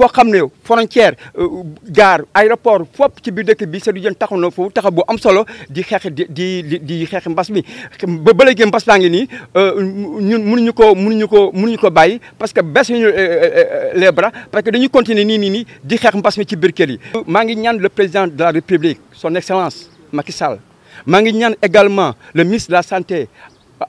foo xam frontière euh, gare aéroport fop ci biir dëkk bi Seydou du jën na foofu taxaw bu am solo di xeex di di di xeex mbas mi ba ba léegi mbass la ngi ni euh, ñun mënuñu ko mënuñu ko mënuñu ko bayyi parce que baisse ñu euh, les bras parce que dañu continuer ni ni ni di xeex mbass mi ci bir kër yi. ma ngi ñaan le président de la république son excellence Macky Sall ma ngi ñaan également le ministre de la santé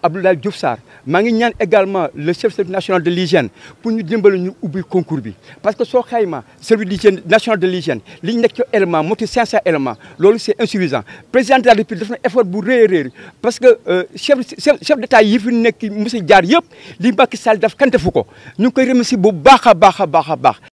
Abdoulaye Diouf Sar. maa ngi ñaan également le chef service national de l'hygiène pour ñu dimbali ñu ubbi concours bi parce que soo xayma service d'hygiène national de l'hygiène li ñu nekk ci élément moo ci 500 éléments c'est insuffisant président de la république def na effort bu rëy a rëy parce que euh, chef chef d'état yi fi nekk monsieur jaar yëpp li Macky Sall daf kantefu ko ñu ngi koy remercier bu baax a baax a